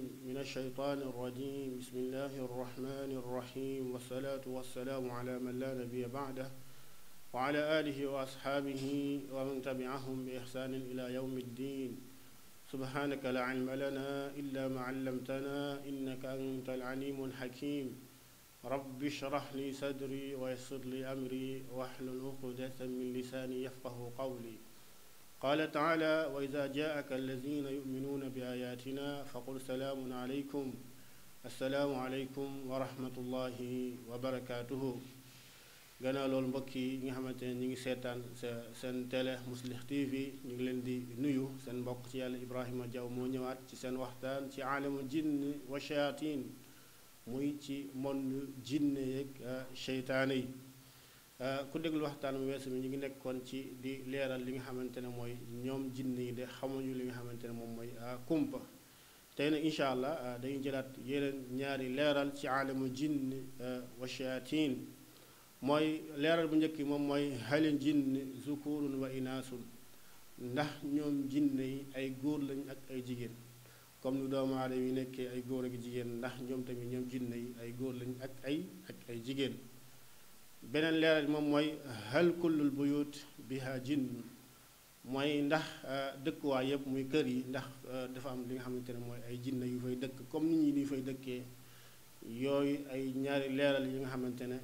من الشيطان الرجيم بسم الله الرحمن الرحيم والصلاة والسلام على من لا نبي بعده وعلى آله وأصحابه ومن تبعهم بإحسان إلى يوم الدين سبحانك لا علم لنا إلا ما علمتنا إنك أنت العليم الحكيم رب اشرح لي صدري ويسر لي أمري واحلل عقدة من لساني يفقه قولي qaala taala wa ida jaaka alladina yuminuuna bi ayatina faqul salaamun aleykum assalaamu aleykum wa rahmatullahi wa barakaatuhu gannaaw loolu mbokk yi nga xamante ne ñu ngi seetaan sa seen télé Mouslih TV ñu ngi leen di nuyu seen mbokk ci yàlla Ibrahima Diaw moo ñëwaat ci seen waxtaan ci aalamu jinni wa shayatin muy ci monde jinne yeeg ah, seytaane yi Euh, ku déglu waxtaan mu weesu mi ñu ngi nekkoon ci di leeral li nga xamante ne mooy ñoom jinne yi de xamuñu li nga xamante ne moom mooy euh, kumpa tey nag incha allah euh, dañuy jëlaat yeneen ñaari leeral ci aalamu jinn wa shayatin mooy leeral bu njëkk moom mooy halin jinn zukurun wa inaasun ndax ñoom jinne yi ay góor lañ ak ay jigéen comme nu doomu aadama yi nekkee ay góor ak jigéen ndax ñoom tamit ñoom jinne yi ay góor lañ ak ay ak ay jigéen beneen leeral moom mooy hal kullul buyut biha jinn mooy ndax euh, dëkkuwaay yëpp muy kër yi ndax euh, dafa am li nga xamante ne mooy ay jinne yu fay dëkk comme nit ñi di fay dëkkee yooyu ay ñaari leeral yi nga xamante ne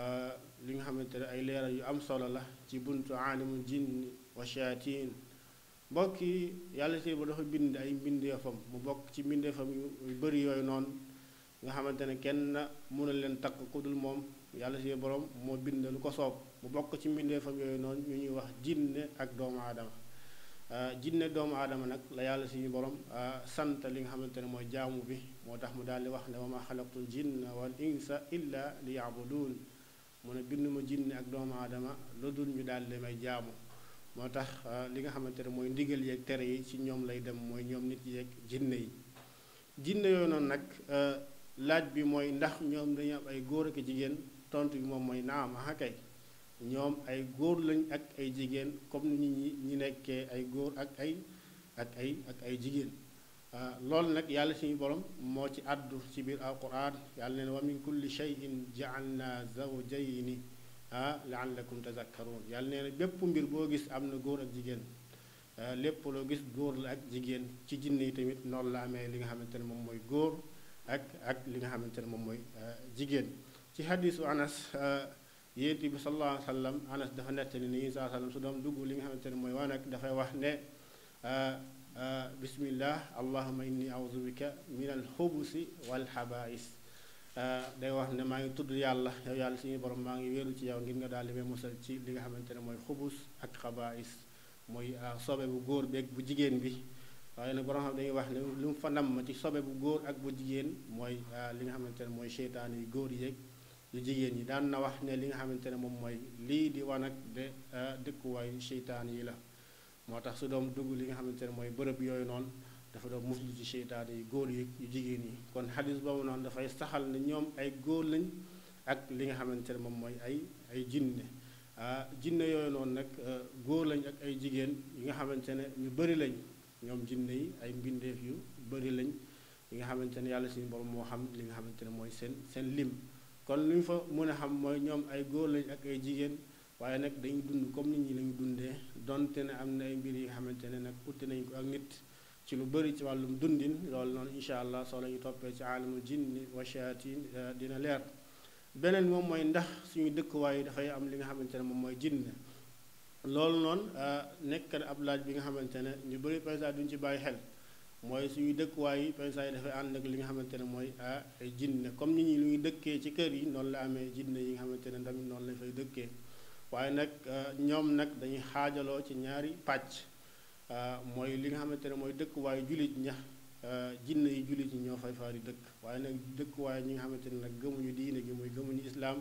euh, li nga xamante ne ay leeral yu am solo la ci buntu aalimul jinni wa shayatin mbokk yi yàlla tey ba dafa bind ay mbindeefam mu bokk ci mbindeefam yu bëri yooyu noonu nga xamante ne kenn mënul leen takk ku moom yàlla suñu borom moo bind lu ko soob mu bokk ci mbindeefam yooyu noonu ñu ñuy wax jinne ak doomu aadama ah, jinne doomu aadama nag la yàlla suñu borom ah, sant li nga xamante ne mooy jaamu bi moo tax mu daal di wax ne wa ma xalaqtul jinna wal insa illa li yaabuduun mu ne ma jinne ak doomu aadama lu dul ñu daal di may jaamu moo tax ah, li nga xamante ne mooy ndigal yeeg tere yi ci ñoom lay dem mooy ñoom nit yeeg jinne yi jinne yooyu noonu nag laaj bi mooy ndax ñoom dañu ay góor ak jigéen tontu bi moom mooy naam ah kay ñoom ay góor lañ ak ay jigéen comme ni ñi ñi nekkee ay góor ak ay ak ay ak jigéen ah, loolu nag yàlla suñu borom moo ci àddu ci biir alquran yàlla neen wa min kulli shay'in ja'alna zawjayni ah la'allakum tazakkarun yàlla nee na bépp mbir boo gis am na góor ak jigéen ah, lépp loo gis góor la ak jigéen ci jinne yi tamit noonu la amee li nga xamante ne moom mooy góor ak ak li nga xamante ne moom mooy ah, jigéen ci xadiisu anas eh, yént bi sallallahu alayhi wa sallam anas dafa nettali ni saa sallam su doom dugg li nga xamante ne mooy waa nag dafay wax ne eh, eh, bismillah allahuma inni audu bika min al xubusi wal xabaais day wax ne maa ngi tudd yàlla yow yàlla suñu borom maa ngi wéru ci yow ngir nga daal di may musal ci li nga xamante ne mooy xubus ak xabaais mooy sobe bu góor beeg bu jigéen bi waaye nag borom xam dañuy wax ne li mu fa namm ci sobe bu góor ak bu jigéen mooy li nga xamante ne mooy seytaane góor yeeg lu jigéen ñi daan na wax ne li nga xamante ne moom mooy lii di wanag ak de euh, dëkkuwaayu seytaan yi la moo tax su doom dugg li nga xamante ne mooy bërëb yooyu noonu dafa doon muslu ci seytaane góor yi jigéen yi kon xadis boobu noonu dafay saxal ne ñoom ay góor lañ ak li nga xamante ne moom mooy ay ay jinne ah jinne yooyu noonu nag euh, góor lañ ak ay jigéen yi nga xamante ne ñu bëri lañ ñoom jinne yi ay mbindeef yu bëri lañ yi nga xamante ne yàlla suñu borom moo xam li nga xamante ne mooy seen seen lim kon lu ñu fa mën a xam mooy ñoom ay góor lañ ak ay jigéen waaye nag dañu dund comme nit ñi lañu dundee donte ne am na ay mbir yi nga xamante ne nag utti nañ ko ak nit ci lu bëri ci wàllum dundin loolu noonu incha allah soo la ñu toppee ci aalamul jinni wa shayatin eh, dina leer beneen moom mooy ndax suñu dëkkuwaay yi dafay am li nga xamante ne moom mooy jinne loolu noonu eh, nekk na ab laaj bi nga xamante ne ñu bëri par exemple ci bàyyi xel mooy suñu dëkkuwaay yi paysans yi dafay ànd ak li nga xamante ne mooy ah jinne comme nit ñi lu ñu dëkkee ci kër yi noonu la amee jinne yi nga xamante ne tamit noonu lañ fay dëkkee waaye nag ah, ñoom nag dañuy xaajaloo ci ñaari pàcc ah, mooy li nga xamante ne mooy dëkkuwaayu jullit ña ah, jinne yi jullit ñi ñoo fay faa dëkk waaye nag dëkkuwaay ñi nga xamante ne nag gëmuñu diine gi muy gëmuñu islaam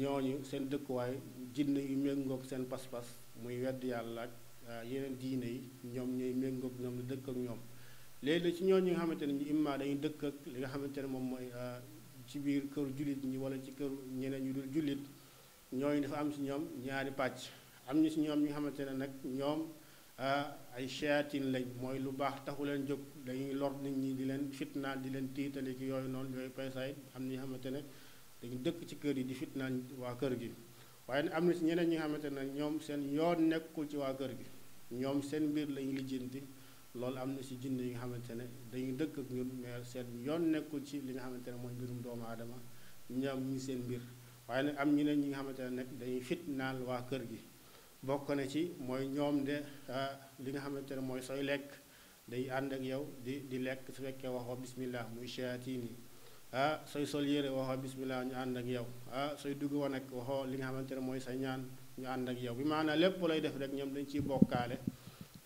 ñooñu seen dëkkuwaay jinne yu méngoog seen pas-pas muy wedd yàlla ak waaw euh, yeneen diine yi ñoom ñooy méngoog ñoom la dëkk ak ñoom léegi nag ci ñooñu ñi nga xamante ne ñu imma dañuy dëkk ak li nga xamante ne moom mooy euh, ci biir kër jullit ñi wala ci kër ñeneen ñu dul jullit ñooñu dafa am ci ñoom ñaari pàcc am ñu ci ñoom ñi nga xamante ne nag ñoom euh, ay shayatin lañ mooy lu baax taxu leen jóg dañuy lor nit ñi di leen fitnaan di leen tiitali ki yooyu noonu yooyu am na ñi xamante ne dañu dëkk ci kër yi di fitnaan waa kër gi waaye am na ci ñeneen ñi xamante ne ñoom seen yoon nekkul ci waa kër gi ñoom seen mbir lañu lijjanti loolu am na si jinne yi nga xamante ne dañu dëkk ak ñun seet seen yoon nekkul ci li nga xamante ne mooy mbirum doomu aadama ñoom ñi seen mbir waaye nag am ñu ne ñi nga xamante ne nag dañuy fitnaal waa kër gi bokk na ci mooy ñoom de ah, li nga xamante ne mooy sooy lekk day ànd ak yow di di lekk su fekkee waxoo bismillah muy shayatin yi ah sooy sol yére waxoo bismillah ñu ànd ak yow ah sooy dugg wa nag wa li nga xamante ne mooy sa ñaan ñu ànd ak yow bi maanaam lépp lay def rek ñoom dañu ciy bokkaale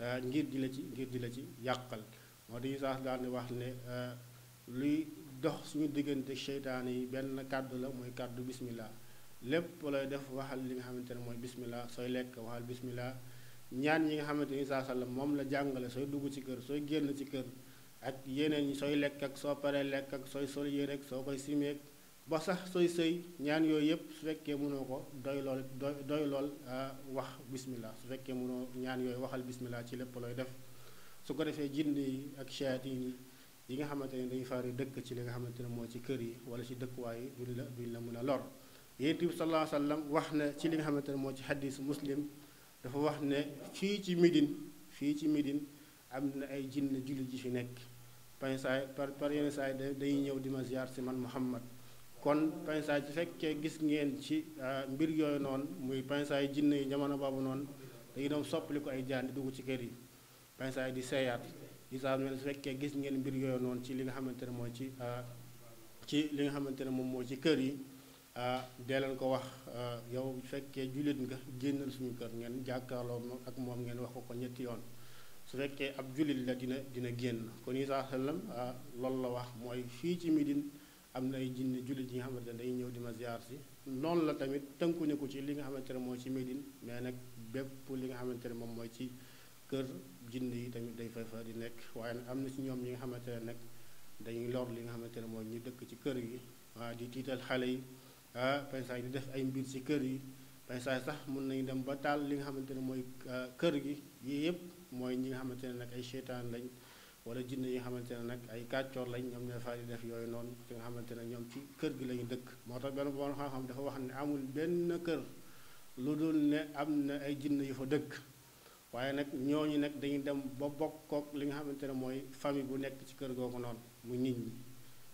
euh, ngir di la ci ngir di la ci yàqal moo di saas daal di wax ne euh, luy dox suñu diggante seytaan yi benn kàddu la mooy kàddu bismillah lépp lay def waxal li nga xamante ne mooy bismillah sooy lekk waxal bismillah ñaan ñi nga xamante ni saa sallam moom la jàngale sooy dugg ci kër sooy génn ci kër ak yeneen yi sooy lekk ak soo paree lekk ak sooy sol yére ak soo koy simeek ba sax sooy sëy ñaan yooyu yëpp su fekkee munoo ko doy lool doy lool ah, wax bismillah su fekkee mënoo ñaan yooyu waxal bismillah ci lépp looy def su ko defee jinn yi ak shayatin yi yi nga xamante ne dañuy faral dëkk ci li nga xamante ne mooy ci kër yi wala ci dëkkuwaay yi duñ la duñ la mun a lor yonent bi sallallahu alayhi wax na ci li nga xamante ne moo ci xadis muslim dafa wax ne fii ci midin fii ci midin am na ay jinn julli ji fi nekk par saa par par yenn saa day ñëw di ma ziar si man Muhammad kon pinçage su fekkee gis ngeen ci euh, mbir yooyu noonu muy pinçage yi jinne yi jamono boobu noonu dañu doon soppali ko ay jaan di dugg ci kër yi pinçage di seeyaat isa mel su fekkee gis ngeen mbir yooyu noonu ci li nga xamante ne mooy ci euh, ci li nga xamante ne moom moo ci kër yi euh, dee leen ko wax yow su fekkee jullit nga génnal suñu kër ngeen jàkkaarloo ak moom ngeen wax ko ko ñetti yoon su fekkee ab jullit la dina dina génn kon isa sallam loolu la wax mooy fii ci Médine am na ay jinne jullit yi nga xamante ne dañuy ñëw di ma si noonu la tamit tënku tënkuñu ko ci li nga xamante ne mooy ci Médine mais nag bépp li nga xamante ne moom mooy ci kër jinne yi tamit day fay fa di nekk waaye nag am na ci ñoom li nga xamante ne nag dañuy lor li nga xamante ne mooy ñu dëkk ci kër yi waa di tiital xale yi ah yi di def ay mbir ci kër yi pensaay sax mën nañu dem ba taal li nga xamante ne mooy ah, kër gi yii yëpp mooy ñi nga xamante ne nag ay seytaan lañ wala jinne yi nga xamante ne nag ay kàccoor lañ ñoom ne fa di def yooyu noonu ci nga xamante ne ñoom ci kër gi lañu dëkk moo tax benn borom xam-xam dafa wax ne amul benn kër lu dul ne am na ay jinne yu fa dëkk waaye nag ñooñu nag dañuy dem ba bokkook li nga xamante ne mooy famille bu nekk ci kër googu noonu mu nit ñi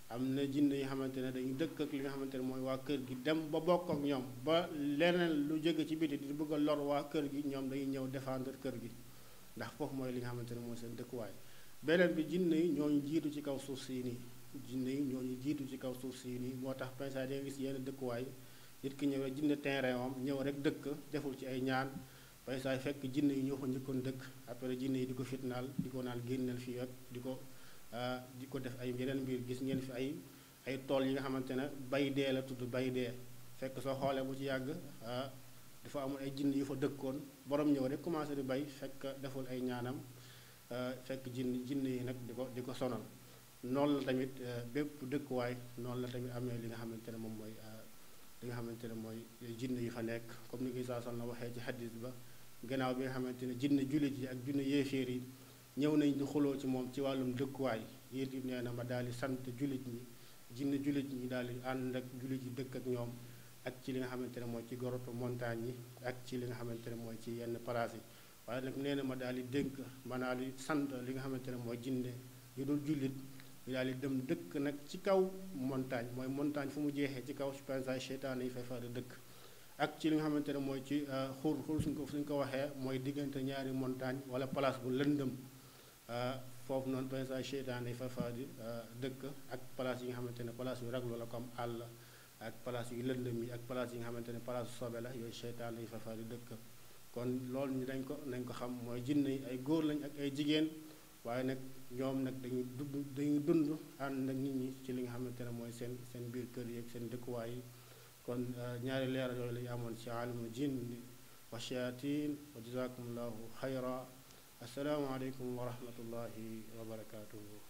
am na jinne yi xamante ne dañu dëkk li nga xamante ne mooy waa kër gi dem ba bokk ak ñoom ba leneen lu jóge ci biti di bëgga a lor waa kër gi ñoom dañuy ñëw défendre kër gi ndax foofu mooy li nga xamante ne mooy seen dëkkuwaay beneen bi jinne yi ñoo jiitu ci kaw suuf sii nii jinne yi ñooñu jiitu ci kaw suuf sii nii moo tax pensa da gis yenn dëkkuwaay nit ki ñëwee jinne terrain am ñëw rek dëkk deful ci ay ñaan pensa fekk jinne yi ñëw ko njëkkoon dëkk après jinne yi di ko fitnaal di ko naan génneel fii ak di ko ah, di ko def ay yeneen mbir gis ngeen fi ay ay tool yi nga xamante ne bay dee la tudd bay dee fekk soo xoolee bu ci yàgg ah, dafa amul ay jinne yu fa dëkkoon borom ñëw rek commencé di bay fekk deful ay ñaanam Euh, fekk jinn jinne yi nag di ko di ko sonal noonu la tamit euh, bépp dëkkuwaay noonu la tamit amee li nga xamante ne moom mooy euh, li nga xamante ne mooy jinne yi fa nekk comme ni ko saa waxee ci xadis ba gannaaw bi nga xamante ne jinne jullit yi ak jinne yéeféer yi ñëw nañ di xuloo ci moom ci wàllum dëkkuwaay yéen it nee na ma daal di sant jullit ñi jinne jullit ñi daal di ànd ak jullit yi dëkk ak ñoom ak ci li nga xamante ne mooy ci gorotu montagne yi ak ci li nga xamante ne mooy ci yenn palaas yi waaye nag nee ma daal di dénk ma di sant li nga xamante ne mooy jinne yu dul jullit ñu daal di dem dëkk nag ci kaw montagne mooy montagne fu mu jeexee ci kaw pensage seytaane yi fay fa dëkk ak ci li nga xamante ne mooy ci euh, xur xur suñ ko suñ ko waxee mooy diggante ñaari montagne wala place bu lëndëm euh, foofu noonu pensage seytaane yi fay far di euh, dëkk ak place yi nga xamante ne place yu raglu la comme àll ak place yu lëndëm yi ak place yi nga xamante ne place sobe la yooyu seytaane yi fay far di dëkk kon loolu ñu dañ ko nañ ko xam mooy jinne yi ay góor lañ ak ay jigéen waaye nag ñoom nag dañuy dund dañuy dund ànd nag nit ñi ci li nga xamante ne mooy seen seen biir kër yi seen dëkkuwaay yi kon euh, ñaari leer yooyu la amoon ci alimul jinni wa shayatin wa jazakumullahu xayra asalaamaaleykum wa rahmatullahi wa